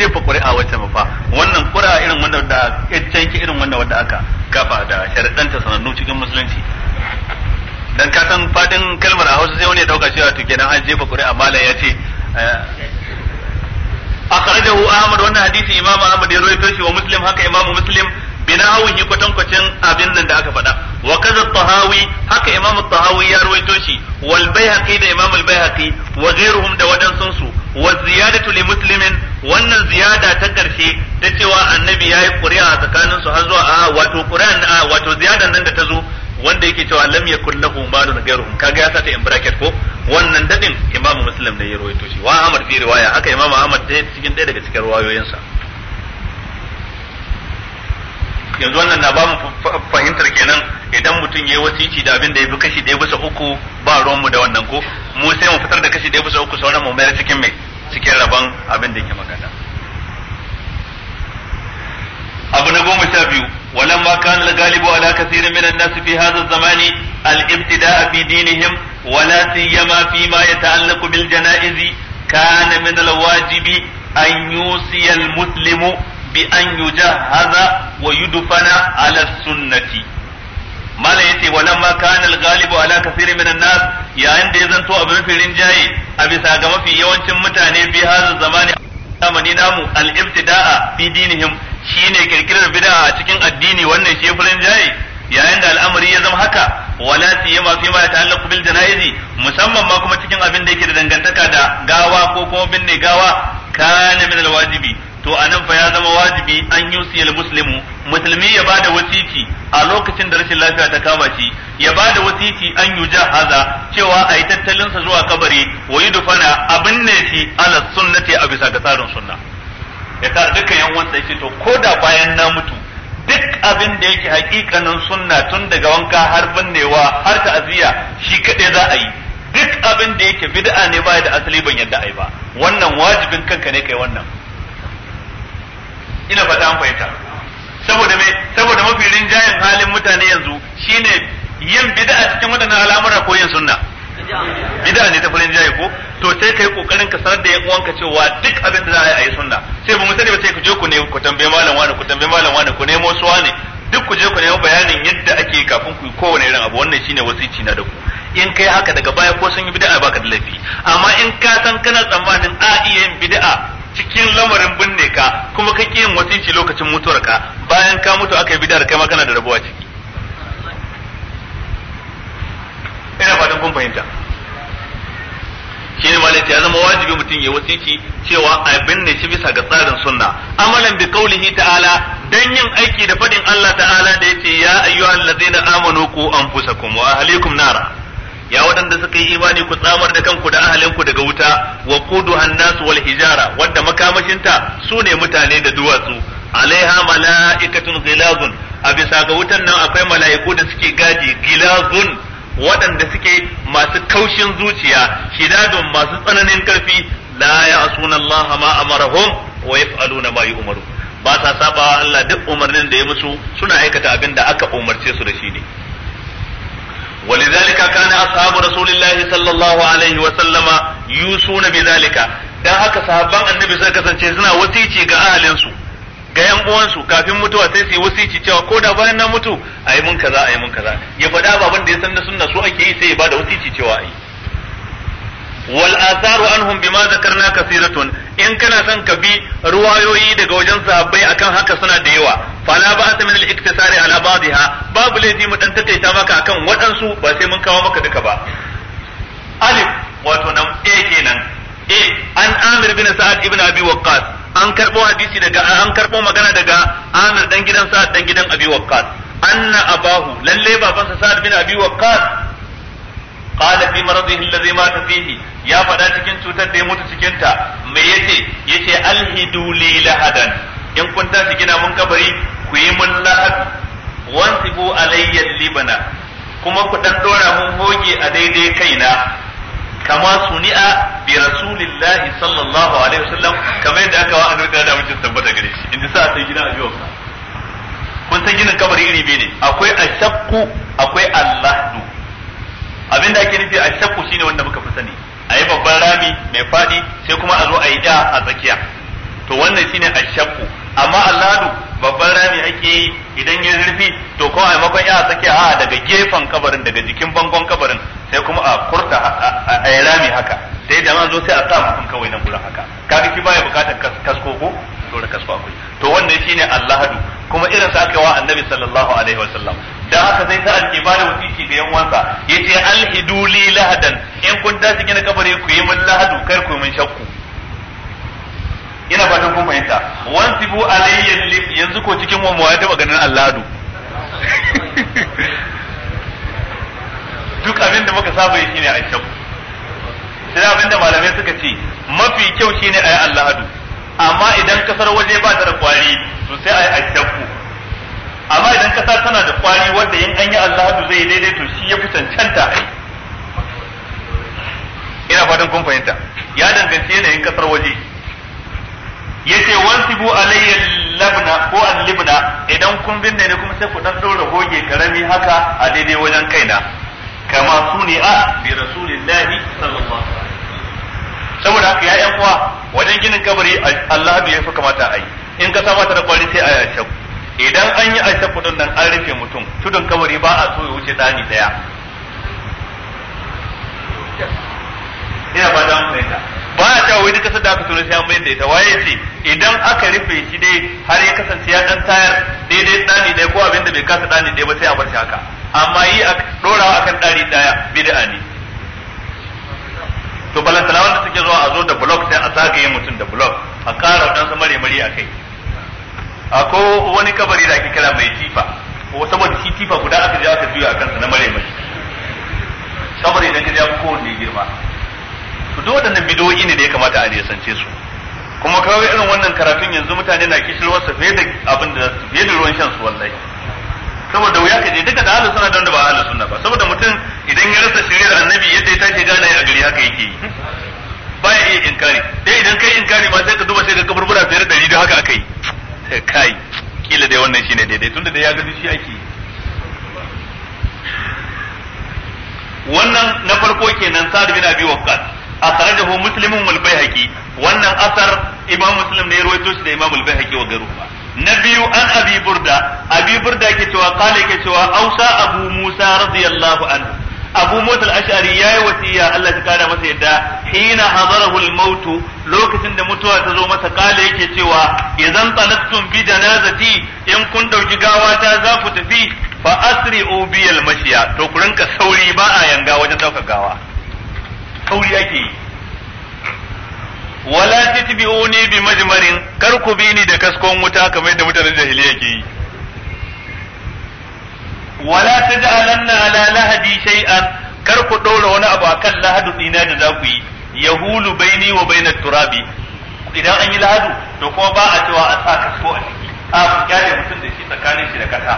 jefa ƙuri'a wacce mafa fa wannan ƙuri'a irin wanda da canki irin wanda wanda aka kafa da sharaɗanta sanannu cikin musulunci dan ka san fadin kalmar a Hausa sai wani ya dauka cewa to kenan an jefa ƙuri'a malam ya ce eh, akhrajahu Ahmad wannan hadisi Imam Ahmad ya rawaito shi wa Muslim haka Imam Muslim binahuhi kwatankwacin abin nan da aka faɗa wa kaza tahawi haka imam tahawi ya rufe shi wal baihaqi da imam al baihaqi wa ghairuhum da sun su wa ziyadatu li muslimin wannan ziyada ta karshe ta cewa annabi yi ƙuri'a tsakanin su har zuwa a wato ƙuri'an a wato ziyadan nan da ta zo wanda yake cewa lam yakul lahu malun ghayruhum kaga ya ta in bracket ko wannan dadin imam muslim ne ya rawaito shi wa ahmad fi riwaya haka imama ahmad ta cikin ɗaya daga cikin riwayoyinsa yanzu wannan na ba mu fahimtar kenan idan mutum ya yi wasici da abin da ya fi kashi ɗaya bisa uku ba ruwanmu da wannan ko mu sai mu fitar da kashi ɗaya bisa uku sauran mu mayar cikin mai cikin rabon abin da yake magana abu na goma sha biyu ولما كان الغالب على كثير من الناس في هذا الزمان الابتداء في دينهم bil سيما فيما wajibi بالجنائز كان من الواجب أن يوصي المسلم بأن يجهز wa yudfana ala sunnati mala yace walamma kana al-ghalibu ala kathirin minan nas yayin da ya zanto abin mafi rinjaye a bisa ga mafi yawancin mutane fi hazin zamani zamani namu al-ibtida'a fi dinihim shine kirkirar bid'a a cikin addini wannan shi furin jaye yayin da al'amari ya zama haka wala siyama fi ma ta'allaqu bil janaizi musamman ma kuma cikin abin da yake da dangantaka da gawa ko kuma binne gawa kana min al-wajibi to anan fa ya zama wajibi an yi muslimu musulmi ya bada wasiti a lokacin da rashin lafiya ta kama shi ya bada wasiti an haza cewa a yi tattalin sa zuwa kabari wa yudfana abin ne shi ala sunnati a bisa ga tsarin sunna ya ta dukkan yan wanda yake to koda bayan na mutu duk abin da yake hakikanin sunna tun daga wanka har binnewa har ta'aziyya shi kadai za a yi duk abin da yake bid'a ne baya da asali ban yadda ai ba wannan wajibin kanka ne kai wannan ina fata an fahimta saboda me saboda mafi rinjayen halin mutane yanzu shine yin bid'a cikin waɗannan al'amura ko yin sunna bid'a ne ta farin jaye ko to sai kai kokarin ka sanar da yan uwanka cewa duk abin da za a yi sunna sai ba mu sani ba sai ku je ku ne ku tambaye malam wani ku tambaye malam wani ku nemo suwa ne duk ku je ku nemo bayanin yadda ake kafin ku kowane irin abu wannan shine wasici na da ku in kai haka daga baya ko sun yi bid'a baka da laifi amma in ka san kana tsammanin a iya yin bid'a cikin lamarin binne ka kuma ka yin wasici lokacin mutuwar ka bayan ka mutu aka yi bid'a kai ma kana da rabuwa ciki ina fatan kun fahimta shine malaka ya zama wajibi mutum ya wasici cewa a binne shi bisa ga tsarin sunna amalan bi qaulihi ta'ala dan yin aiki da fadin Allah ta'ala da yace ya ladina amanu qu anfusakum wa ahlikum nara ya waɗanda suka yi imani ku tsamar da kanku da ahalinku daga wuta wa kudu an wal hijara wanda makamashinta su ne mutane da duwatsu alaiha mala'ikatun ghilazun a bisa ga wutan nan akwai mala'iku da suke gadi gilazun waɗanda suke masu kaushin zuciya shidadun masu tsananin karfi la ya'suna Allah ma amarahum wa yaf'aluna ma yu'maru ba sa saba Allah duk umarnin da ya musu suna aikata abin da aka umarce su da shi ne ولذلك كان أصحاب رسول الله صلى الله عليه وسلم يوصون بذلك dan haka sahabban annabi suna kasance suna wasici ga ahalinsu ga yan uwansu kafin mutuwa sai su yi wasici cewa ko da bayan na mutu ayi mun kaza ayi mun kaza ya faɗa baban da ya san da sunna su ake yi sai ya bada wasici cewa ayi wal atharu anhum bima zakarna kaseeratun in kana son ka bi ruwayoyi daga wajen sahabbai akan haka suna da yawa fala ba'sa min al-iktisari ala ba'dha babu laifi mu ɗan takaita maka akan waɗansu ba sai mun kawo maka duka ba alif wato nan a kenan e an amir bin sa'ad ibn abi waqqas an karbo hadisi daga karbo magana daga amir dan gidan sa'ad dan gidan abi waqqas anna abahu lallai babansa sa'ad bin abi waqqas qala fi maradihi alladhi mata fihi ya faɗa cikin cutar da ya mutu cikinta ta me yace yace alhidu li lahadan in kun tashi gina mun kabari ku yi mun lahadi wansibu alayya libana kuma ku dan dora mun hoge a daidai kaina kama suni'a bi rasulillahi sallallahu alaihi wasallam kamar yadda aka wa annabi da mutum tabbata gare shi inda sa sai gina a jiwa kun san ginin kabari iri biyu ne akwai ashakku akwai allahdu abinda ake nufi ashakku shine wanda muka fi sani a yi babban rami mai fadi sai kuma a zo a yi da a tsakiya to wannan shine ashakku amma alladu babban rami ake yi idan ya zurfi to ko a makon ya sake a daga gefen kabarin daga jikin bangon kabarin sai kuma a kurta a rami haka sai da an zo sai a sa mutum kawai nan gurin haka kaga shi baya bukatar kasko ko dole kasko akwai to wannan shine allahadu kuma irin sa aka wa annabi sallallahu alaihi wasallam dan haka sai sa alke bada wasiki ga yan wansa yace li lahadan in kun tashi gina kabari ku yi min lahadu kar ku yi min shakku ina fatan kun fahimta wansibu alayya yanzu ko cikin mu ya taba ganin alladu duk abin da muka saba yi shine a kyau sai abin da malamai suka ce mafi kyau shine ayi alladu amma idan kasar waje ba ta da kwari to sai ayi ashabu amma idan kasar tana da kwari wanda yin an yi alladu zai daidai to shi ya fi cancanta ai ina fatan kun fahimta ya danganci yanayin kasar waje yace wansibu alayya labna ko al-libna idan kun binne ne kuma sai ku dan dora goge karami haka a daidai wajen kaina kama suni a bi rasulillahi sallallahu alaihi saboda haka ya yan uwa wajen ginin kabari Allah ya fi kamata a yi in ka saba ta da kwari sai a yashaku idan an yi aisha kudin nan an rufe mutum tudun kabari ba a so ya wuce dani daya ina ba da an fahimta ba a cewa wani kasar da aka tura sai an mayar da ita waye ce idan aka rufe shi dai har ya kasance ya dan tayar daidai tsani ɗaya ko abin da bai kasa tsani ɗaya ba sai a bar shi haka amma yi a dorawa akan tsari ɗaya bid'a ne to balantana da suke zuwa a zo da blog sai a zagaye mutum da blog a ƙara dan mare-mare a kai ko wani kabari da ake kira mai tifa saboda shi tifa guda aka je aka juya a kansa na mare nau'i ne da ya kamata a nisance su kuma kawai irin wannan karatun yanzu mutane na kishirwar su fiye da abin da fiye da ruwan shan su wallahi saboda wuya kaje duka da ahlus don da ba halin sunna ba saboda mutum idan ya rasa shirya annabi yadda ya tashi gane a gari haka yake yi Ba ya iya inkari dai idan kai inkari ba sai ka duba sai ka bura fiye da dari da haka aka yi. kai kila dai wannan shine daidai tunda da ya gani shi ake wannan na farko kenan sa'ad bin abi waqqas akhrajahu muslimun wal baihaqi wannan asar imam muslim ne rawaito shi da imam al baihaqi wa garu na biyu an abi burda ke burda yake cewa qala yake cewa ausa abu musa radiyallahu anhu abu musa al-ash'ari yayi wasiya Allah ta kara masa yadda hina hadarahu al-maut lokacin da mutuwa ta zo masa kale yake cewa idan talaqtum bi janazati in kun ɗauki gawa ta za ku tafi fa asri'u bi al-mashiya to ku rinka sauri ba a yanga wajen sauka gawa kauri ake yi wala tatbi'uni bi majmarin kar ku bi ni da kaskon wuta kamar yadda mutanen jahiliya ke yi wala taj'alanna ala lahadi shay'an kar ku ɗora wani abu akan lahadu dina da za ku yi yahulu baini wa bainat turabi idan an yi lahadu to kuma ba a cewa a sa kasko a ciki a ku kyale mutum da shi tsakanin shi da kasa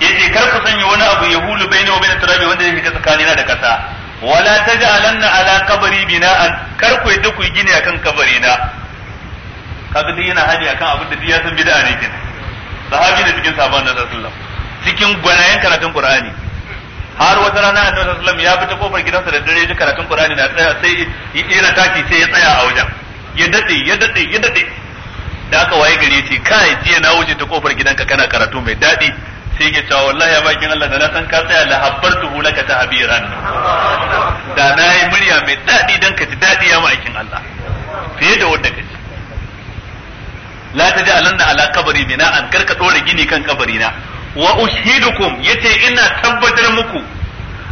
yace kar ku sanya wani abu yahulu baini wa bainat turabi wanda yake tsakanina da kasa wala taj'alanna ala qabri bina'an kar ku yadda ku gine akan kabari na kaga dai yana hadi akan abin da ya san bid'a ne kin sahabi da cikin sahabban da sallallahu cikin gwanayen karatun qur'ani har wata rana annabi sallallahu alaihi wasallam ya fita kofar gidansa da dare ya ji karatun qur'ani na tsaya sai yana taki sai ya tsaya a wajen ya dade ya dade ya dade da aka waye gare ce kai jiya na wuce ta kofar gidanka kana karatu mai dadi sai ke cewa wallahi ya bakin Allah da na san ka tsaya la habbartuhu laka tahbiran da na yi murya mai dadi dan ka ji dadi ya ma'aikin Allah fiye da wanda kace la alanna ala bina an karka dore gini kan kabari na wa ushidukum yace ina tabbatar muku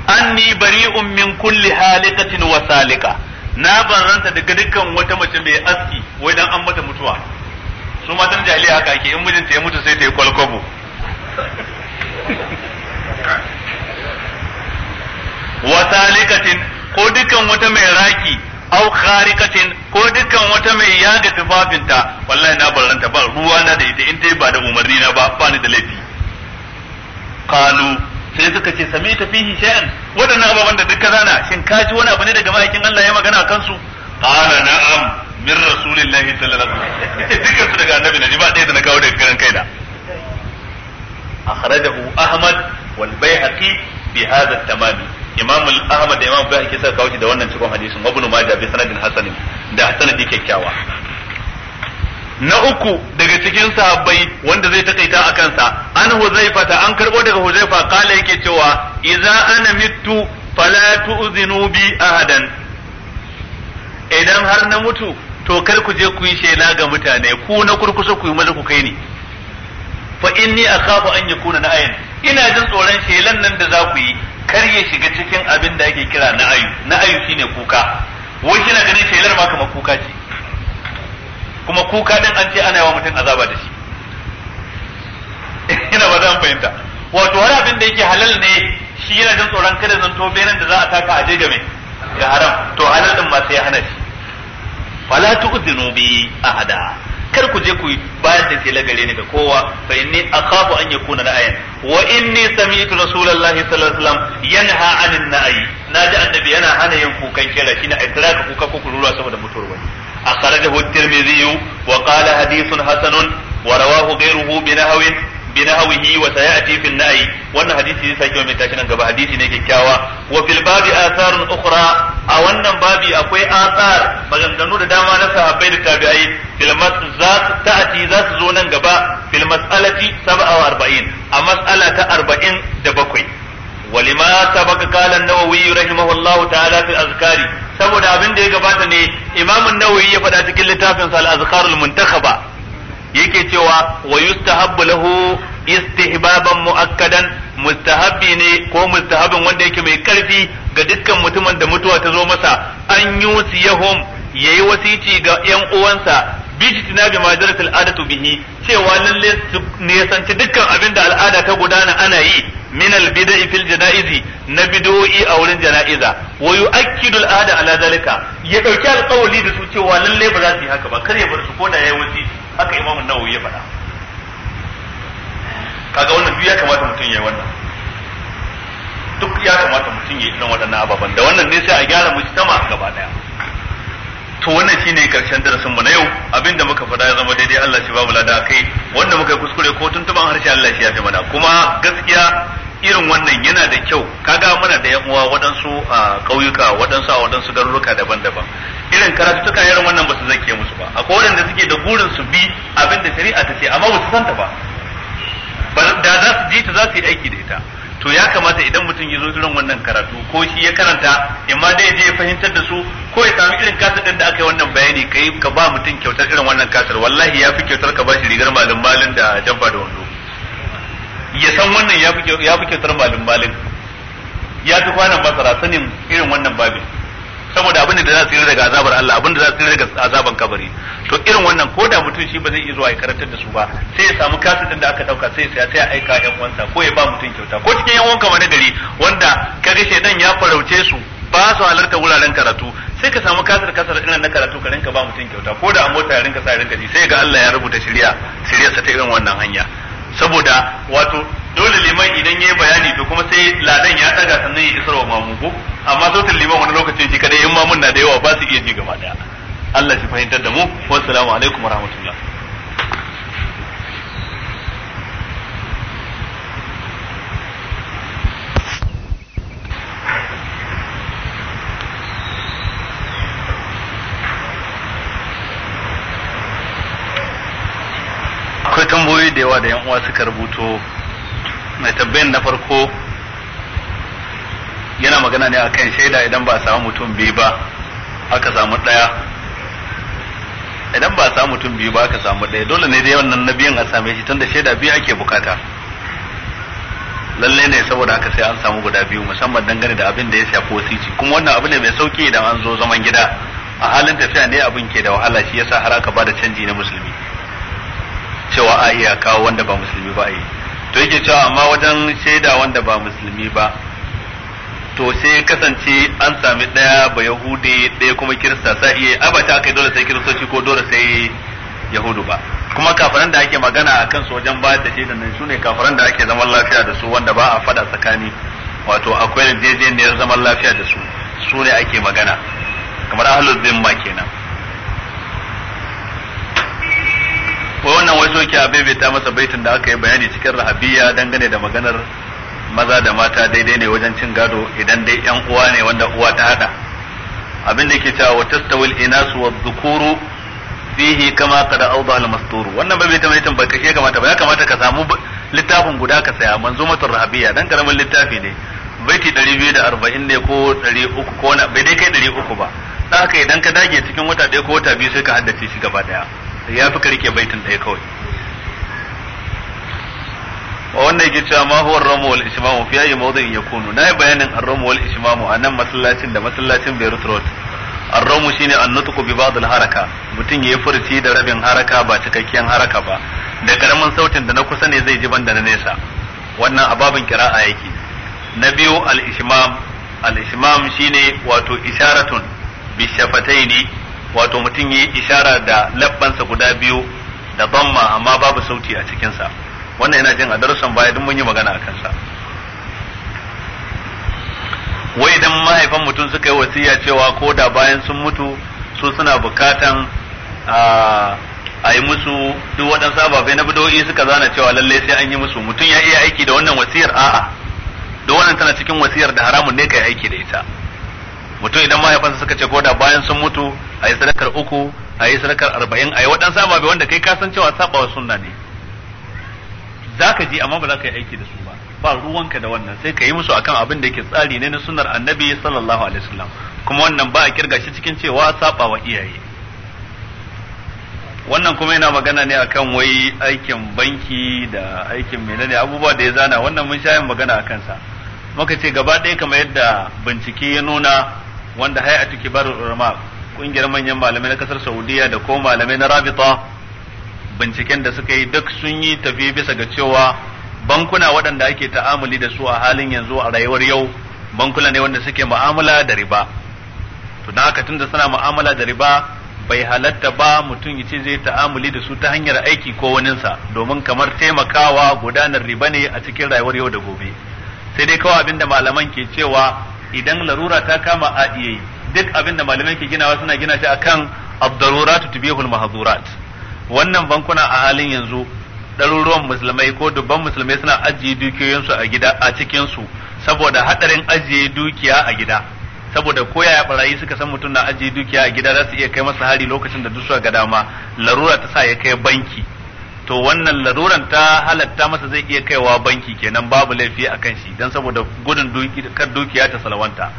anni bari'un min kulli halikatin wa salika na ban ranta daga dukkan wata mace mai aski wai dan an mata mutuwa su matan jahiliya haka ake in mijinta ya mutu sai ta yi kwalkwabo wa salikatin ko dukkan wata mai raki au kharikatin ko dukkan wata mai yaga tufafinta wallahi na barranta ba ruwa na da ita in dai ba da umarni na ba ba ni da laifi qalu sai suka ce sami ta fihi shay'an wadannan ababan da duka zana shin ka ji wani abu ne daga ma'aikin Allah ya magana kan su qala na'am min rasulillahi sallallahu alaihi wasallam dukkan su daga annabi ne ba ɗaya da na kawo daga garin kaina akhrajahu ahmad wal bayhaqi bi hadha tamam imam al ahmad da imam bayhaqi kawo shi da wannan cikon hadisin ibn majah bi sanadin hasan da sanadi kyakkyawa na uku daga cikin sahabbai wanda zai takaita a kansa an huzaifa ta an karbo daga huzaifa kala yake cewa idza ana mittu fala tu'zinu bi ahadan idan har na mutu to kar ku je ku yi shela ga mutane ku na kurkusa ku yi maza ku kai ni fa inni akhafu an yakuna na ayin ina jin tsoron shelan nan da za ku yi kar ya shiga cikin abin da ake kira na ayu na ayu shine kuka wai kina ganin shelar ma kamar kuka ce kuma kuka din an ce ana yawa mutum azaba da shi ina ba zan fahimta wato har abin da yake halal ne shi yana jin tsoron kada zanto benen da za a taka aje game ga haram to halal din ma sai hana shi fala tu'dinu bi ahada kar ku je ku bayar da ke gare ni ga kowa fa inni akhafu an yakuna ra'ayan wa inni sami'tu rasulullahi sallallahu alaihi wasallam yanha anin na'i naji annabi yana hana yin kukan kira shine ai tiraka kuka ko kururuwa saboda mutuwar wani akhrajahu at-tirmidhi wa qala hadithun hasanun wa rawahu ghayruhu bi nahwin bi nahwihi wa sayati fi na'i wannan hadisi ne sake mai tashi nan gaba hadisi ne kyakkyawa wa fil babi atharun ukhra a wannan babi akwai athar maganganu da dama na sahabbai da tabi'ai fil za su zo nan gaba fil 47 a mas'ala ta 40 da bakwai ولما سبق قال النووي رحمه الله تعالى في الأذكار saboda abin da ya gabata ne imamun nawawi ya faɗa cikin littafin sa al-azkar muntakhaba yake cewa wa yustahabbu lahu istihbaban muakkadan mustahabbi ne ko mustahabin wanda yake mai karfi ga dukkan mutumin da mutuwa ta zo masa an yusiyahum yayi wasici ga yan uwansa bijtina ma jarat al'adatu bihi cewa lalle su nisanci dukkan abin da al'ada ta gudana ana yi min al-bida'i fil janaizi na bid'o'i a wurin janaiza wa yu'akkidu al-ada ala zalika ya dauki alƙawari da su cewa lalle ba za su yi haka ba kar ya bar su ko da yayi wasici haka imamu nawawi ya faɗa kaga wannan duk ya kamata mutum ya yi wannan duk ya kamata mutum ya yi irin waɗannan ababen da wannan ne sai a gyara mujtama gaba daya to wannan shine karshen darasin mu na yau abinda muka faɗa ya zama daidai Allah shi babu lada kai wanda muka yi kuskure ko tuntuban harshe Allah shi ya fi mana kuma gaskiya irin wannan yana da kyau kaga muna da yan uwa waɗansu a ƙauyuka waɗansu a waɗansu garuruka daban-daban irin karatuka irin wannan ba su zake musu ba akwai waɗanda suke da burin su bi abin da shari'a ta ce amma ba su santa ba da za su ji ta za su yi aiki da ita to ya kamata idan mutum ya zo irin wannan karatu ko shi ya karanta ma dai ya fahimtar da su ko ya samu irin kasar din da aka yi wannan bayani kai ka ba mutum kyautar irin wannan kasar wallahi ya fi kyautar ka ba shi rigar malin malin da dabba da wando ya san wannan ya fi kyautar malin malin ya fi kwanan masara sanin irin wannan babin saboda abin da za su yi daga azabar Allah abin da za su yi daga azaban kabari to irin wannan ko da mutum shi ba zai iya zuwa ya karantar da su ba sai ya samu kasidin da aka dauka sai ya sai ya aika yan uwansa ko ya ba mutum kyauta ko cikin yan wanka wani gari wanda kaga shedan ya farauce su ba su halarta wuraren karatu sai ka samu kasar kasar irin na karatu ka rinka ba mutum kyauta ko da a mota ya rinka sa rinka ji sai ga Allah ya rubuta shirya shirya sa ta irin wannan hanya saboda wato dole liman idan yayi bayani to kuma sai ladan ya daga sannan ya wa mamun ko amma sautin liman wani lokacin shi kadai in mamun na da yawa ba su iya ji gaba daya Allah shi fahimtar da mu wassalamu alaikum warahmatullahi da yawa da uwa suka rubuto mai tabbayin na farko yana magana ne a kan shaida idan ba a samu mutum biyu ba aka samu ɗaya idan ba a samu mutum biyu ba aka samu ɗaya dole ne dai wannan na biyan a same shi tunda shaida biyu ake bukata lalle ne saboda haka sai an samu guda biyu musamman dangane da abin da ya shafi wasici kuma wannan abu ne mai sauki idan an zo zaman gida a halin tafiya ne abin ke da wahala shi yasa har aka bada canji na musulmi cewa a iya kawo wanda ba musulmi ba yi to yake cewa amma wajen shaida wanda ba musulmi ba to sai kasance an sami ɗaya ba yahudi ɗaya kuma kirista sa iya a ba ta aka dole sai kiristoci ko dole sai yahudu ba kuma kafaran da ake magana a kansu wajen bayar da shaidan nan sune kafaran da ake zaman lafiya da su wanda ba a fada tsakani wato akwai yarjejeniyar zaman lafiya da su sune ake magana kamar ahlul zimma kenan ko wannan wai soke a ta masa baitin da aka yi bayani cikin rahabiya dangane da maganar maza da mata daidai ne wajen cin gado idan dai yan uwa ne wanda uwa ta hada abin da yake cewa wa tastawil inasu wa dhukuru fihi kama kada awda al masturu wannan bai ta maitan baka ke kamata ba ya kamata ka samu littafin guda ka saya manzumatul rahabiya dan karamin littafi ne baiti 240 ne ko 300 ko na bai dai kai 300 ba dan haka idan ka dage cikin wata ɗaya ko wata biyu sai ka haddace shi gaba daya ya fi ka rike baitin ɗaya kawai A wannan yake cewa ma huwa ramu wal ismamu fi ayi mawdin na yi bayanin ar-ramu wal ismamu a nan masallacin da masallacin Beirut Road ar-ramu shine an-nutqu bi ba'd haraka mutum ya yi furci da rabin haraka ba cikakken haraka ba da karamin sautin da na kusa ne zai ji banda na nesa wannan ababin a yake na biyu al-ismam al-ismam shine wato isharatun bi ne. wato mutum yi ishara da labbansa guda biyu da bamma amma babu sauti a cikinsa wannan yana jin a darussan baya duk mun yi magana a kansa wai idan mahaifan mutum suka yi wasiya cewa ko da bayan sun mutu su suna bukatan a yi musu duk waɗansu ababe na bidoyi suka zana cewa lallai sai an yi musu mutum ya iya aiki da wannan wasiyar a'a duk wannan tana cikin wasiyar da haramun ne ka yi aiki da ita mutum idan mahaifansa suka ce ko da bayan sun mutu a yi sadakar uku a yi sadakar arba'in a yi waɗansu ababe wanda kai kasan cewa saba wa ne za ka ji amma ba za ka yi aiki da su ba ba ruwanka da wannan sai ka yi musu akan abin da ke tsari ne na sunnar annabi sallallahu alaihi wasallam kuma wannan ba a kirga shi cikin cewa saba iyaye wannan kuma yana magana ne akan wai aikin banki da aikin menene abubuwa da ya zana wannan mun shayin magana akan sa muka ce gaba ɗaya kamar yadda bincike ya nuna wanda hay'atu kibarul ulama kungiyar manyan malamai na kasar Saudiya da ko malamai na Rabita binciken da suka yi duk sun yi tafi bisa ga cewa bankuna waɗanda ake ta'amuli da su a halin yanzu a rayuwar yau bankuna ne wanda suke mu'amala da riba to da haka tunda suna mu'amala da riba bai halatta ba mutum ya ce zai ta'amuli da su ta hanyar aiki ko waninsa domin kamar taimakawa gudanar riba ne a cikin rayuwar yau da gobe sai dai kawai abinda malaman ke cewa idan larura ta kama a iyayi duk abin da malamai ke ginawa suna gina shi akan abdaruratu tubihul mahzurat wannan bankuna a halin yanzu ɗaruruwan musulmai ko dubban musulmai suna ajiye dukiyoyinsu a gida a cikin su saboda hadarin ajiye dukiya a gida saboda ko yaya barayi suka san mutum na ajiye dukiya a gida za su iya kai masa hari lokacin da duk ga dama larura ta sa ya kai banki to wannan laruran ta halatta masa zai iya kaiwa banki kenan babu laifi a kan shi don saboda gudun kar dukiya ta salawanta.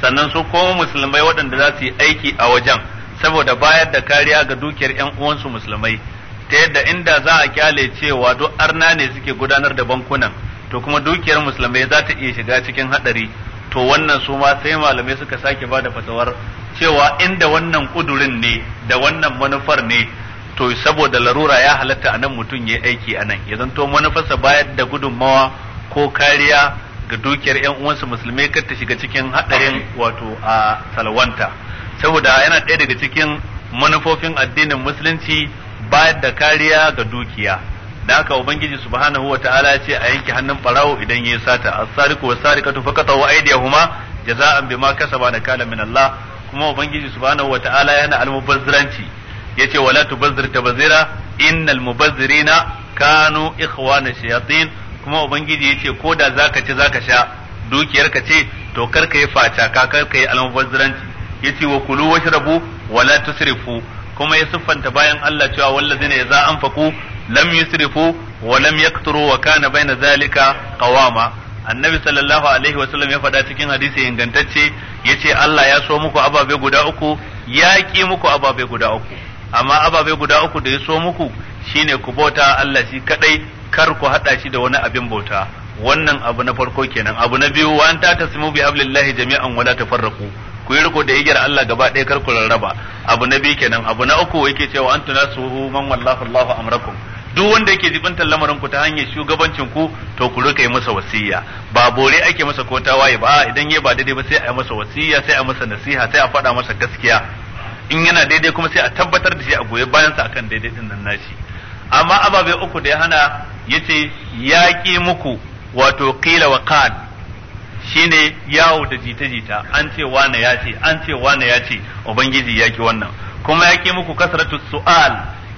sannan su koma musulmai waɗanda za su yi aiki a wajen saboda bayar da kariya ga dukiyar yan uwansu musulmai ta yadda inda za a kyale cewa duk arna ne suke gudanar da bankunan to kuma dukiyar musulmai za ta iya shiga cikin hadari to wannan su ma sai malamai suka sake bada da fatawar cewa inda wannan kudurin ne da wannan manufar ne to saboda larura ya halatta a nan mutum ya yi aiki a nan ya zanto manufarsa bayar da gudunmawa ko kariya ga dukiyar yan uwansa musulmi kar ta shiga cikin hadarin wato a salwanta saboda yana ɗaya daga cikin manufofin addinin musulunci bayar da kariya ga dukiya da haka ubangiji subhanahu ta'ala ya ce a yanke hannun barawo idan yayi sata as-sariqu was-sariqatu faqatu aydiyahuma jaza'an bima kasaba kala min Allah kuma ubangiji subhanahu ta'ala yana al-mubazziranci yace wala tubazzir tabazira innal mubazzirina kanu ikhwana shayatin kuma ubangiji ce ko da zaka ci zaka sha dukiyar ka ce to kar ka yi faca ka kar ka yi almubazziranci yace wa kulu washrabu wala tusrifu kuma ya siffanta bayan Allah cewa za an faku lam yusrifu wa lam yaqturu wa kana baina zalika qawama annabi sallallahu alaihi wasallam ya faɗa cikin hadisi ingantacce yace Allah ya so muku ababe guda uku ya ki muku ababe guda uku amma ababe guda uku da ya so muku shine ku bauta Allah shi kadai kar ku hada shi da wani abin bauta wannan abu na farko kenan abu na biyu wa anta tasmu bi hablillahi jami'an wala tafarraqu ku yi riko da igiyar Allah gaba ɗaya kar ku rarraba abu na biyu kenan abu na uku yake cewa antu nasuhu man wallahu Allahu amrakum duk wanda yake jibantar lamarin ku ta hanyar shugabancin ku to ku rika yi masa wasiya ba bore ake masa ko waye ba idan ya ba daidai ba sai a yi masa wasiya sai a masa nasiha sai a faɗa masa gaskiya in yana daidai kuma sai a tabbatar da shi a goye bayan sa akan daidai din nan nashi amma ababe uku da ya hana yace yaƙi muku wato qila wa qad shine yawo da jita-jita an ce wane ya ce an ce wane ya ce ubangiji ya ki wannan kuma ya muku kasratu su'al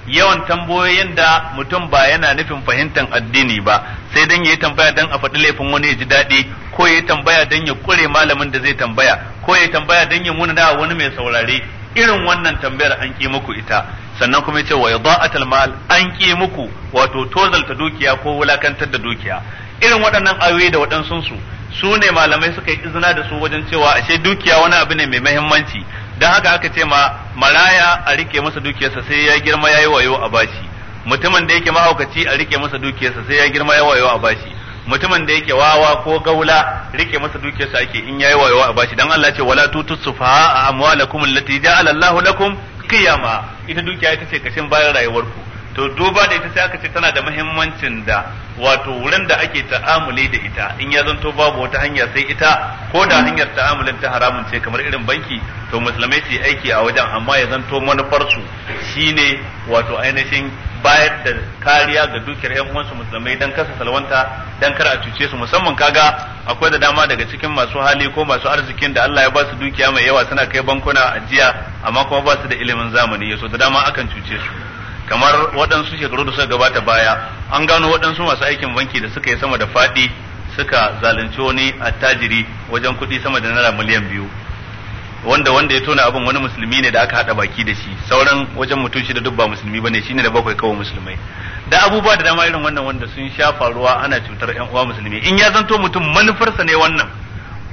yawan tambayoyin da mutum ba yana nufin fahimtar addini ba sai dan yayi tambaya dan a faɗi laifin wani ya ji daɗi ko yayi tambaya dan ya kure malamin da zai tambaya ko yayi tambaya dan ya muna munana wani mai saurare irin wannan tambayar an ki muku ita sannan kuma yace wa yada'atul mal an ki muku wato tozalta dukiya ko wulakantar da dukiya irin waɗannan ayoyi da waɗansun su su ne malamai suka yi izina da su wajen cewa ashe dukiya wani abu ne mai muhimmanci dan haka aka ce ma maraya a rike masa dukiyarsa sai ya girma ya yi wayo a bashi mutumin da yake mahaukaci a rike masa dukiyarsa sai ya girma ya wayo a bashi mutumin da yake wawa ko gaula rike masa dukiyarsa ake in yayi wayo a bashi dan Allah ce wala tutusufa amwalakum allati ja'ala Allahu lakum kiyama ita dukiya ita ce kashin bayan rayuwar ku to duba da ita sai aka ce tana da muhimmancin da wato wurin da ake ta'amuli da ita in ya zanto babu wata hanya sai ita ko da hanyar ta'amulin ta haramun ce kamar irin banki to musulmai su yi aiki a wajen amma ya zanto manufarsu shine wato ainihin bayar da kariya ga dukiyar yan uwansu musulmai dan kasa salwanta dan kar a cuce su musamman kaga akwai da dama daga cikin masu hali ko masu arzikin da Allah ya ba su dukiya mai yawa suna kai bankuna ajiya amma kuma ba su da ilimin zamani ya da dama akan cuce su kamar waɗansu shekaru da suka gabata baya an gano waɗansu masu aikin banki da suka yi sama da faɗi suka zalunci wani attajiri wajen kuɗi sama da naira miliyan biyu wanda wanda ya tona abin wani musulmi ne da aka haɗa baki da shi sauran wajen mutum shi da dubba musulmi bane shine da bakwai kawai musulmai da abubuwa da dama irin wannan wanda sun sha faruwa ana cutar yan uwa musulmi in ya zanto mutum manufarsa ne wannan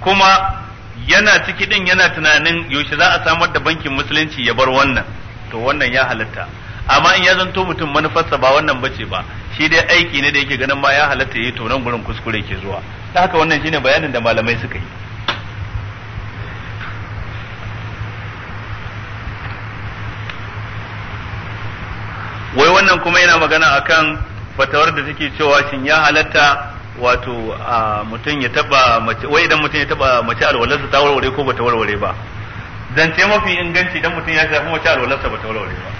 kuma yana ciki din yana tunanin yaushe za a samar da bankin musulunci ya bar wannan to wannan ya halatta amma in ya zanto mutum manufarsa ba wannan bace ba shi dai aiki ne da yake ganin ma ya halatta yayi to nan gurin kuskure ke zuwa ta haka wannan shine bayanin da malamai suka yi wai wannan kuma yana magana akan fatawar da take cewa shin ya halatta wato mutum ya taba mace wai idan mutum ya taba mace alwalarsa ta warware ko bata warware ba zance mafi inganci idan mutum ya shafi mace alwalarsa bata warware ba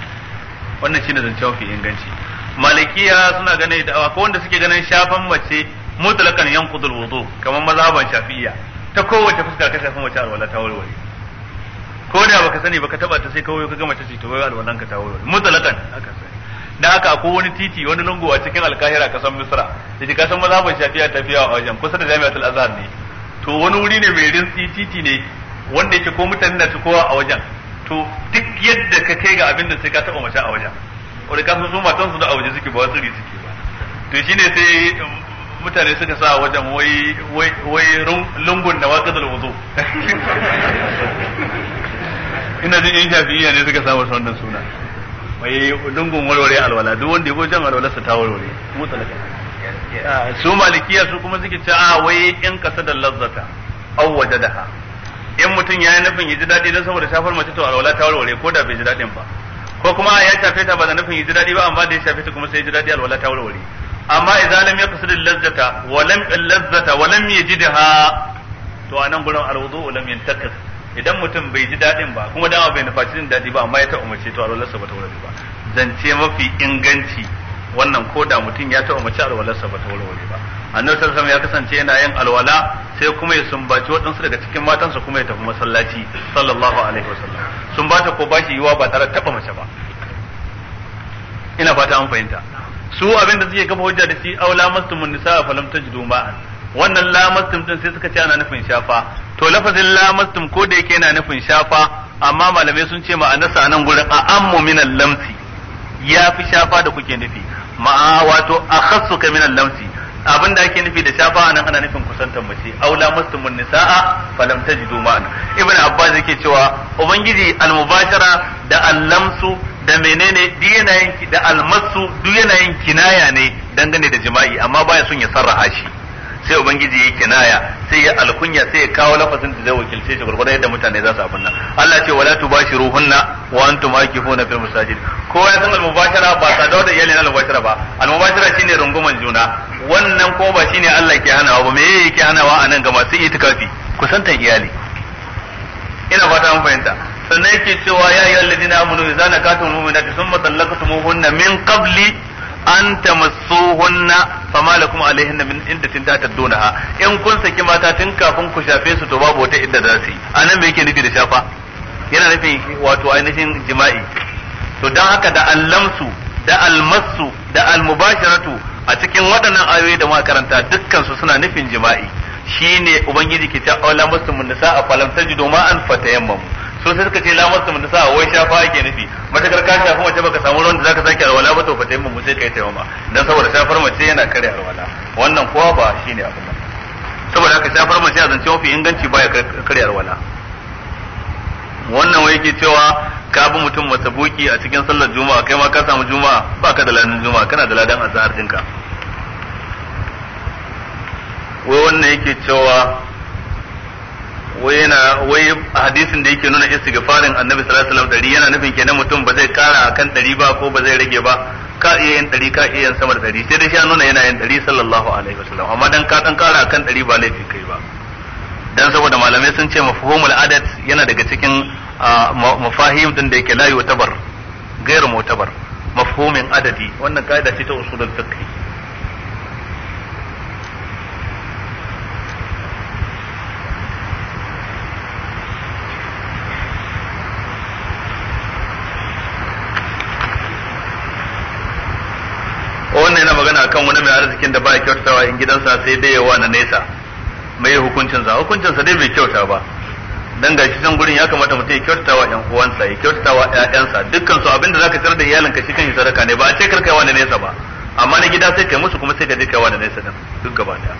wannan shine zance mafi inganci malikiya suna ganin da akwai wanda suke ganin shafan mace mutlakan yanqudul wudu kamar mazhaban shafi'iyya ta kowace fuska ka shafi mace alwala ta warware ko da baka sani baka taba ta sai kawai ka ga mace ce to wai alwalanka ta warware mutlakan haka sai da haka ko wani titi wani lungu a cikin alkahira kasan misra yace kasan mazhabin shafi'a tafiya a wajen kusa da jami'atul azhar ne to wani wuri ne mai rinsi titi ne wanda yake ko mutane na kowa a wajen to duk yadda ka kai ga abin da sai ka taba mace a wajen Wani ka san su matan su da a waje suke ba wasu suke ba to shine sai um, mutane suka sa wajen wai wai na lungun da waqadul wudu ina jin in shafi'iyya ne suka sa wannan suna mai dungun warware alwala duk wanda yabo jan sa ta warware talaka ah, su malikiya su kuma suke cewa a ah, wai in kasa da lazzata aw wajadaha in mutum yayi nufin ya dadi dan saboda shafar mace to alwala ta warware ko da bai ji dadin ba ko kuma ah, ya shafe ta ba da nufin ya dadi ba amma da ya shafe ta kuma sai ya ji dadi alwala ta warware amma idan lam yaqsid lazzata wa lam lazzata wa lam yajidha to anan gurin alwudu lam yantakis idan mutum bai ji daɗin ba kuma dama bai nufaci jin daɗi ba amma ya ta mace to alwalarsa bata warware ba zance mafi inganci wannan ko da mutum ya ta umarci alwalarsa bata warware ba annabi sallallahu alaihi ya kasance yana yin alwala sai kuma ya sumbaci waɗansu daga cikin matansa kuma ya tafi masallaci sallallahu alaihi wasallam sumbata ko bashi yiwa ba tare taɓa mace ba ina fata an fahimta su abin da suke kafa hujja da shi aula mastumun nisa falam tajidu ma'an wannan lamastum din sai suka ce ana nufin shafa to lafazin lamastum ko da yake yana nufin shafa amma malamai sun ce ma'anarsa nan gurin a ammu minal lamsi ya fi shafa da kuke nufi ma'a wato akhassu ka minal lamsi abin da ake nufi da shafa nan ana nufin kusantar mace aula mustumun nisa'a falamta tajidu ma'an ibnu abbas yake cewa ubangiji almubashara da allamsu da menene duk yanayin da almasu duk yanayin kinaya ne dangane da jima'i amma baya son ya sarraha shi sai ubangiji ya kinaya sai ya alkunya sai ya kawo lafazin da zai wakilce shi gurgurdan yadda mutane za su abin nan Allah ce wala tubashiruhunna wa antum akifuna fil masajid Ko ya san al mubashara ba sadau da iyalin al mubashara ba al mubashara shine runguman juna wannan ko ba shine Allah ke hanawa ba me yake hanawa anan ga masu itikafi ta iyali ina fata mun fahimta sannan yake cewa ya ayyuhal ladina amanu idza nakatum mu'minati thumma talaqtumuhunna min qabli an tamassuhunna fama lakum alaihinna min iddatin tataddunaha in kun saki mata tun kafin ku shafe su to babu wata inda za su yi anan me yake nufi da shafa yana nufin wato ainihin jima'i to dan haka da allamsu da almasu da almubasharatu a cikin waɗannan ayoyi da muka karanta dukkan su suna nufin jima'i shine ubangiji ke ta aula muslimun nisa a falam tajidu ma an fatayammu to sai suka ce lamar su mutu sa wai shafa ake nufi matakar ka shafi mace baka samu ruwan da zaka sake alwala ba to fa taimma mu sai kai taimma dan saboda shafar mace yana kare alwala wannan kowa ba shine abin ba saboda haka shafar mace a zance mafi inganci baya kare alwala wannan wai yake cewa ka bi mutum masabuki a cikin sallar juma'a kai ma ka samu juma'a ba ka da ladan juma'a kana da ladan azhar dinka wai wannan yake cewa wai yana wai hadisin da yake nuna istighfarin annabi sallallahu alaihi wasallam yana nufin kenan mutum ba zai kara akan dari ba ko ba zai rage ba ka iya yin dari ka iya yin sama da dari sai dai shi nuna yana yin dari sallallahu alaihi wasallam amma dan ka dan kara akan dari ba laifi kai ba dan saboda malamai sun ce mafhumul adat yana daga cikin mafahim din da yake la yutabar gairu mutabar mafhumin adadi wannan kaida ce ta usulul fiqh akan wani mai arzikin da ba ya kyautatawa in gidansa sai dai yawa na nesa mai hukuncin sa hukuncin sa dai bai kyauta ba dan ga cikin gurin ya kamata mutum ya kyautatawa yan uwansa ya kyautatawa ƴaƴansa dukkan su abinda zaka tarar da ka shi kan sadaka ne ba a ce kar kai wani nesa ba amma na gida sai kai musu kuma sai ka je kai wani nesa din duk gaba daya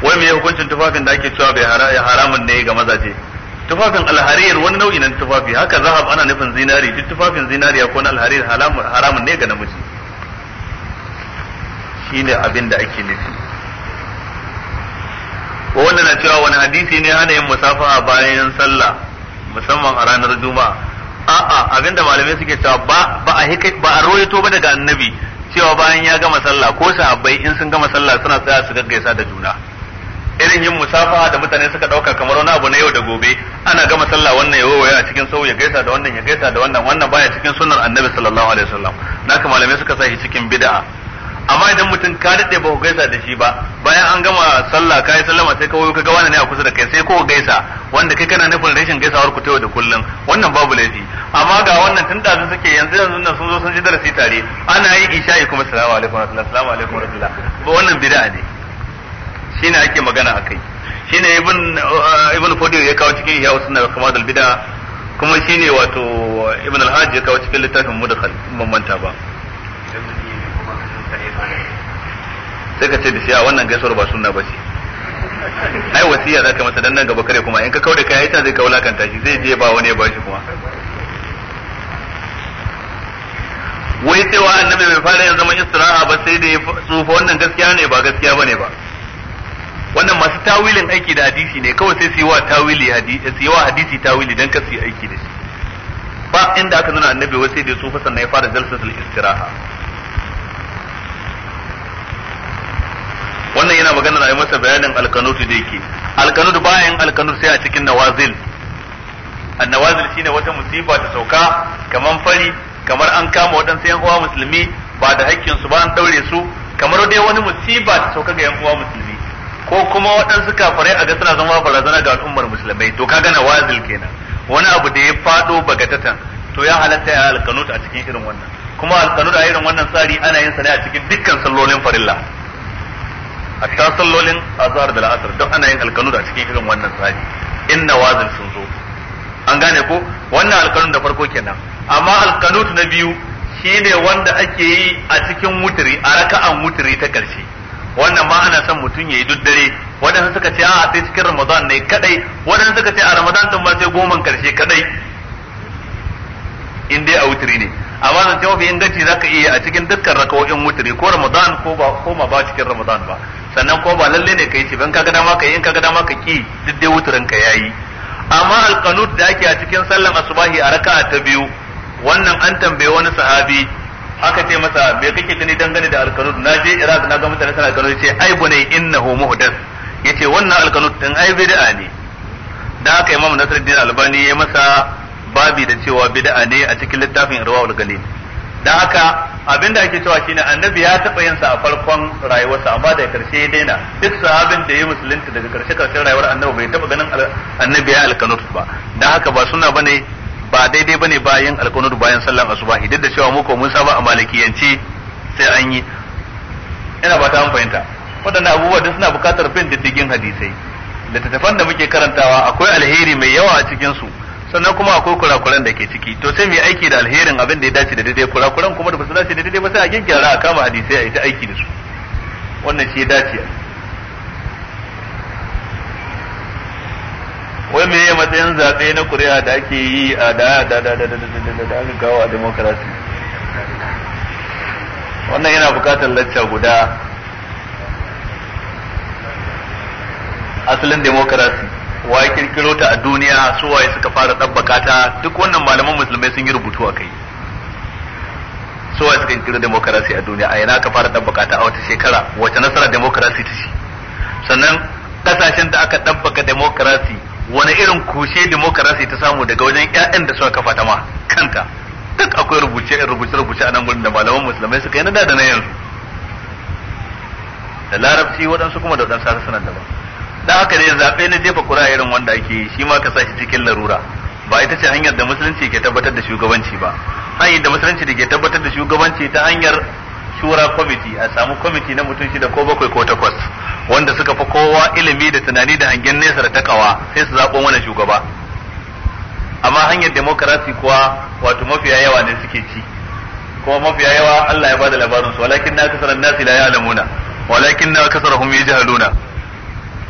wai me hukuncin tufafin da ake cewa bai haramun ne ga mazaje tufafin alhariyar wani nau'i na tufafi haka zahab ana nufin zinari duk tufafin zinari ko na alhariyar haramun ne ga namiji ne abin da ake nufi ko wanda na cewa wani hadisi ne ana yin musafaha bayan sallah musamman a ranar juma'a a'a abinda malamai suke cewa ba ba a ba a royato ba daga annabi cewa bayan ya gama sallah ko sahabbai in sun gama sallah suna tsaya su gaggaisa da juna irin yin musafaha da mutane suka dauka kamar wani abu na yau da gobe ana gama sallah wannan ya waya a cikin sau ya gaisa da wannan ya gaisa da wannan wannan baya cikin sunnar annabi sallallahu alaihi wasallam naka malamai suka sa shi cikin bid'a amma idan mutum ka dade ba ku gaisa da shi ba bayan an gama sallah kai sallama sai kawai ka ga wani ne a kusa da kai sai ko gaisa wanda kai kana nufin rashin gaisawar ku ta yau da kullum wannan babu laifi amma ga wannan tun da suke yanzu yanzu nan sun zo sun ji darasi tare ana yi isha'i kuma salamu alaikum wa rahmatullahi wa barakatuh wannan bid'a ne shine ake magana akai shine ibn uh, ibn fodi ya kawo cikin wasu sunna kama dal bid'a kuma shine wato ibn al-hajj ya kawo cikin littafin mudakhal ban manta ba sai ka ce da shi a wannan gaisuwar ba suna ba ce ai wasiya za ka masa dan nan gaba kare kuma in ka kaure kai ta zai ka wulakanta shi zai je ba wani ya bashi kuma wai cewa annabi bai fara yin zaman istiraha ba sai da ya tsufa wannan gaskiya ne ba gaskiya ba ne ba wannan masu tawilin aiki da hadisi ne kawai sai su yi wa tawili hadisi su yi wa hadisi tawili dan kasu aiki da shi ba inda aka nuna annabi wai sai da fasa sannan ya fara jalsatul istiraha wannan yana magana na masa bayanin alkanutu da yake alkanutu bayan alkanutu sai a cikin nawazil annawazil shine wata musiba ta sauka kamar fari kamar an kama waɗansu yan uwa musulmi ba da hakkin su ba an daure su kamar dai wani musiba ta sauka ga yan uwa musulmi ko kuma waɗansu kafirai a ga suna zama barazana ga al'ummar musulmai to kaga na wazil kenan wani abu da ya faɗo bagatatan to ya halatta ya alkanut a cikin irin wannan kuma alkanut a irin wannan tsari ana yin sa ne a cikin dukkan sallolin farilla a ta sallolin azhar da la'asar don ana yin alkanut a cikin irin wannan tsari in nawazil sun zo an gane ko wannan alkanut da farko kenan amma alkanut na biyu shine wanda ake yi a cikin wutiri a raka'an wutiri ta ƙarshe. wannan ma ana son mutum yi duk dare wadansu suka ce a sai cikin ramadan ne kadai wadansu suka ce a ramadan tun ba sai goma karshe kadai in dai a wutiri ne amma zan ce mafi inganci zaka iya a cikin dukkan rakawoyin wutiri ko ramadan ko ba ko ma ba cikin ramadan ba sannan ko ba lalle ne kai ci ban ma ka kai in ka gada ma ka ki duk dai wutirin ka yayi amma alqanut da ake a cikin sallan asubahi a raka'a ta biyu wannan an tambaye wani sahabi aka ce masa me kake gani dangane da alkanut na je iraq na ga mutane suna alkanut ce ai bunai innahu muhdath yace wannan alkanut din ai bid'a ne da aka imam nasruddin albani ya masa babi da cewa bid'a ne a cikin littafin irwaul galil da haka abinda ake cewa shine annabi ya taba yin a farkon rayuwarsa amma da karshe ya daina duk sahabin da ya musulunta daga karshe karshen rayuwar annabi bai taɓa ganin annabi ya alkanut ba da haka ba suna bane ba daidai bane bayan alkunut bayan sallan asubahi duk da cewa mu ko mun saba a malikiyanci sai an yi ina ba ta an fahimta waɗannan abubuwa duk suna buƙatar bin diddigin hadisai littattafan da muke karantawa akwai alheri mai yawa a cikin su sannan kuma akwai kurakuran da ke ciki to sai mu aiki da alherin abin da ya dace da daidai kurakuran kuma da ba dace da daidai ba sai a gyara a kama hadisai a yi ta aiki da su wannan shi ya dace wai me ya matsayin zaɓe na ƙuri'a da ake yi a da da da da da da da da da gawo a demokarasi wannan yana buƙatar lacca guda asalin demokarasi wa kirkiro ta a duniya su waye suka fara ɗabbaka ta duk wannan malaman musulmai sun yi rubutu a kai su waye suka kirkiro demokarasi a duniya a yana aka fara ɗabbaka ta a wata shekara wata nasara demokarasi ta shi sannan kasashen da aka ɗabbaka demokarasi wani irin kushe demokarasi ta samu daga wajen ƴaƴan da suka kafa ta ma kanta duk akwai rubuce rubuce rubuce a nan gudun da malaman musulmai suka yi na da na yanzu da larabci waɗansu kuma da waɗansu harsunan sanar da haka ne zaɓe na jefa kura irin wanda ake yi shi ma ka sa shi cikin larura ba ita ce hanyar da musulunci ke tabbatar da shugabanci ba hanyar da musulunci da ke tabbatar da shugabanci ta hanyar shura kwamiti a samu kwamiti na mutum shida ko bakwai ko takwas wanda suka fi kowa ilimi da tunani da hangen nesa da takawa sai su zaɓo mana shugaba amma hanyar demokarasi kuwa wato mafiya yawa ne suke ci kuma mafiya yawa Allah ya bada labarin su walakin na kasara nasi la ya'lamuna walakin na kasara hum yajhaluna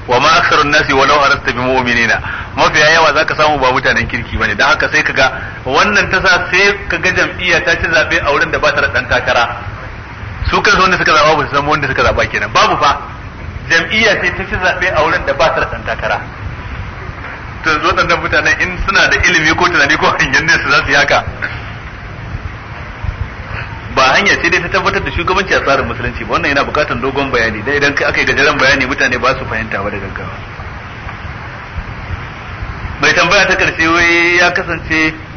wa ma aksarun nasi walau harasta bi mu'minina mafiya yawa zaka samu ba mutanen kirki bane dan haka sai kaga wannan ta sa sai kaga jam'iyya ta ci zabe a wurin da ba ta da dan takara su kansu wanda suka zaba ba su zama wanda suka zaba kenan babu fa jam'iyya ce ta fi zaɓe a wurin da ba ta da ɗan takara to yanzu waɗannan mutanen in suna da ilimi ko tunani ko hanyar ne su za su yaka. ba hanya sai dai ta tabbatar da shugabanci a tsarin musulunci ba wannan yana bukatar dogon bayani dai idan aka yi gajeren bayani mutane ba su fahimta ba da gaggawa mai tambaya ta karshe wai ya kasance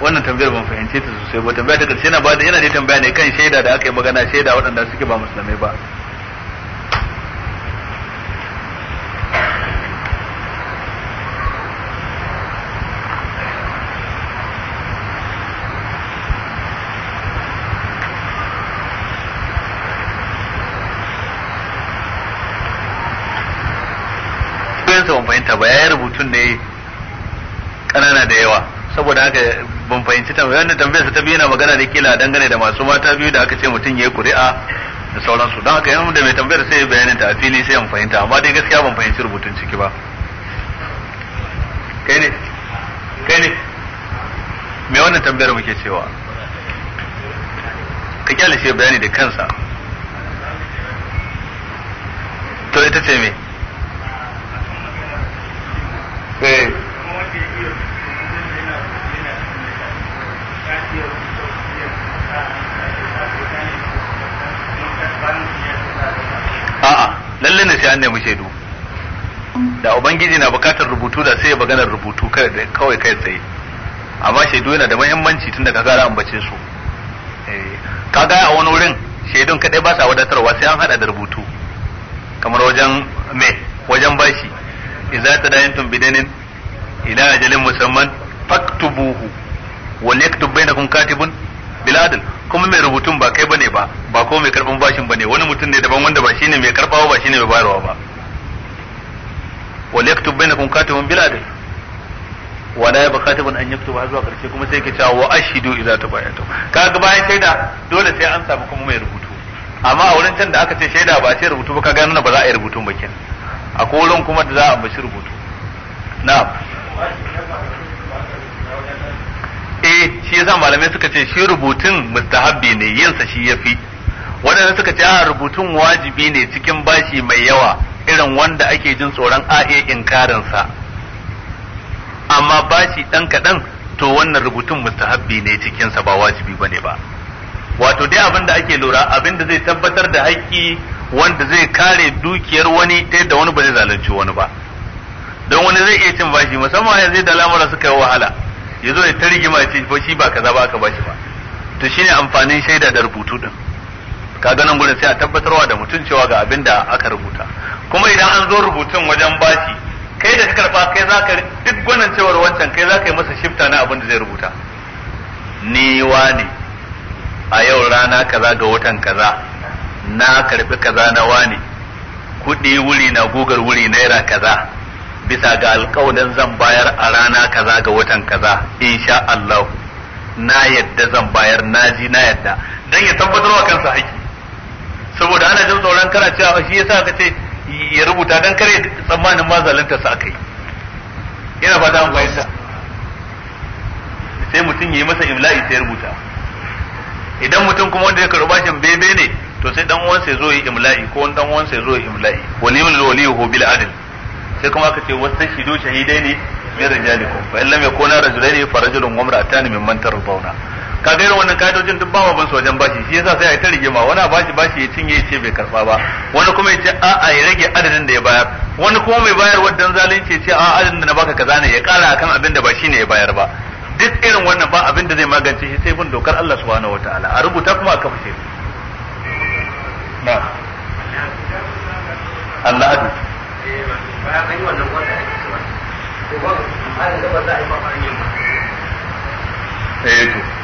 wannan tambayar ban fahimce ta sosai ba tambaya ta karshe na ba da yana da tambaya ne kan shaida da aka yi magana shaida waɗanda suke ba musulmai ba fahimta ba ya yi rubutun ne ƙanana da yawa saboda haka ban fahimci tambaya wannan tambayar ta biyu na magana da kila dangane da masu mata biyu da aka ce mutum ya kuri'a da sauransu don haka yanzu da mai tambayar sai ya bayanin ta a fili sai an fahimta amma dai gaskiya ban fahimci rubutun ciki ba kai ne kai ne me wannan tambayar muke cewa ka kyale shi bayani da kansa to ita ce me eh da ubangiji na bukatar rubutu da sai ya maganar rubutu kawai kai tsaye amma shaidu yana da muhimmanci tunda ka gara ambace su eh, ka ga a wani wurin shaidun kadai ba sa wadatarwa sai an hada da rubutu kamar wajen me wajen bashi idza tadayantum bidanin ila ajalin musamman faktubuhu wa yaktub bainakum katibun bil adl kuma mai rubutun ba kai bane ba ba ko mai karban bashin bane wani mutum ne daban wanda ba shine mai karbawa ba shine mai bayarwa ba وليكتب بينكم كاتب katibun bil ولا يبقى ya ان an هذا har zuwa karshe kuma sai ke cewa wa ashidu idza tabayatu kaga bayan shaida dole sai an samu kuma mai rubutu amma a wurin can da aka ce shaida ba ce rubutu ba kaga ba za a yi rubutun ba kuma da za a rubutu na'am eh shi yasa malamai suka ce shi rubutun mustahabbi ne yin sa shi yafi wadanda suka ce a ah, rubutun wajibi ne cikin bashi mai yawa irin wanda ake jin tsoron a iya inkarinsa amma bashi ɗan kaɗan to wannan rubutun mustahabbi ne cikinsa ba wajibi ba ne ba wato dai abin da ake lura abin da zai tabbatar da haƙƙi wanda zai kare dukiyar wani ta yadda wani ba zai zalunci wani ba don wani zai iya cin bashi musamman yanzu da lamura suka yi wahala ya zo ya ta rigima ya ce shi ba kaza ba aka bashi ba to shine amfanin shaida da rubutu din kaga nan gurin sai a tabbatarwa da mutum cewa ga abin da aka rubuta kuma idan an zo rubutun wajen bashi kai da ka karfa kai za ka duk gwanin cewar wancan kai za ka yi masa shifta na abin da zai rubuta ni wani a yau rana kaza ga watan kaza na karfi kaza na wani kuɗi wuri na gugar wuri naira kaza bisa ga alƙawarin zan bayar a rana kaza ga watan kaza insha Allah na yadda zan bayar na ji na yadda dan ya tabbatar wa kansa haƙi saboda ana jin tsoron kana cewa shi yasa ka ce ya rubuta dan kare tsammanin ma zalunta sa akai ina fata an fahimta sai mutum ya yi masa imla'i sai rubuta idan mutum kuma wanda ya karu bashin bebe ne to sai dan uwansa ya zo ya imla'i ko wani dan uwansa ya zo ya imla'i waliyul waliyuhu bil adl sai kuma aka ce wastashidu shahidai ne min ko fa illam yakuna rajulaini fa rajulun wa imra'atan mimman bauna. ka ga irin wannan kaidojin duk ba ban su wajen bashi shi yasa sai a ta rigima wani a bashi bashi ya cinye ya ce bai karba ba wani kuma ya ce a a ya rage adadin da ya bayar wani kuma mai bayar wadda zalunci ya ce a adadin da na baka kaza ne ya kara akan abin da ba shi ne ya bayar ba duk irin wannan ba abin da zai magance shi sai bin dokar Allah subhanahu wataala a rubuta kuma a kafa shi na Allah adu eh to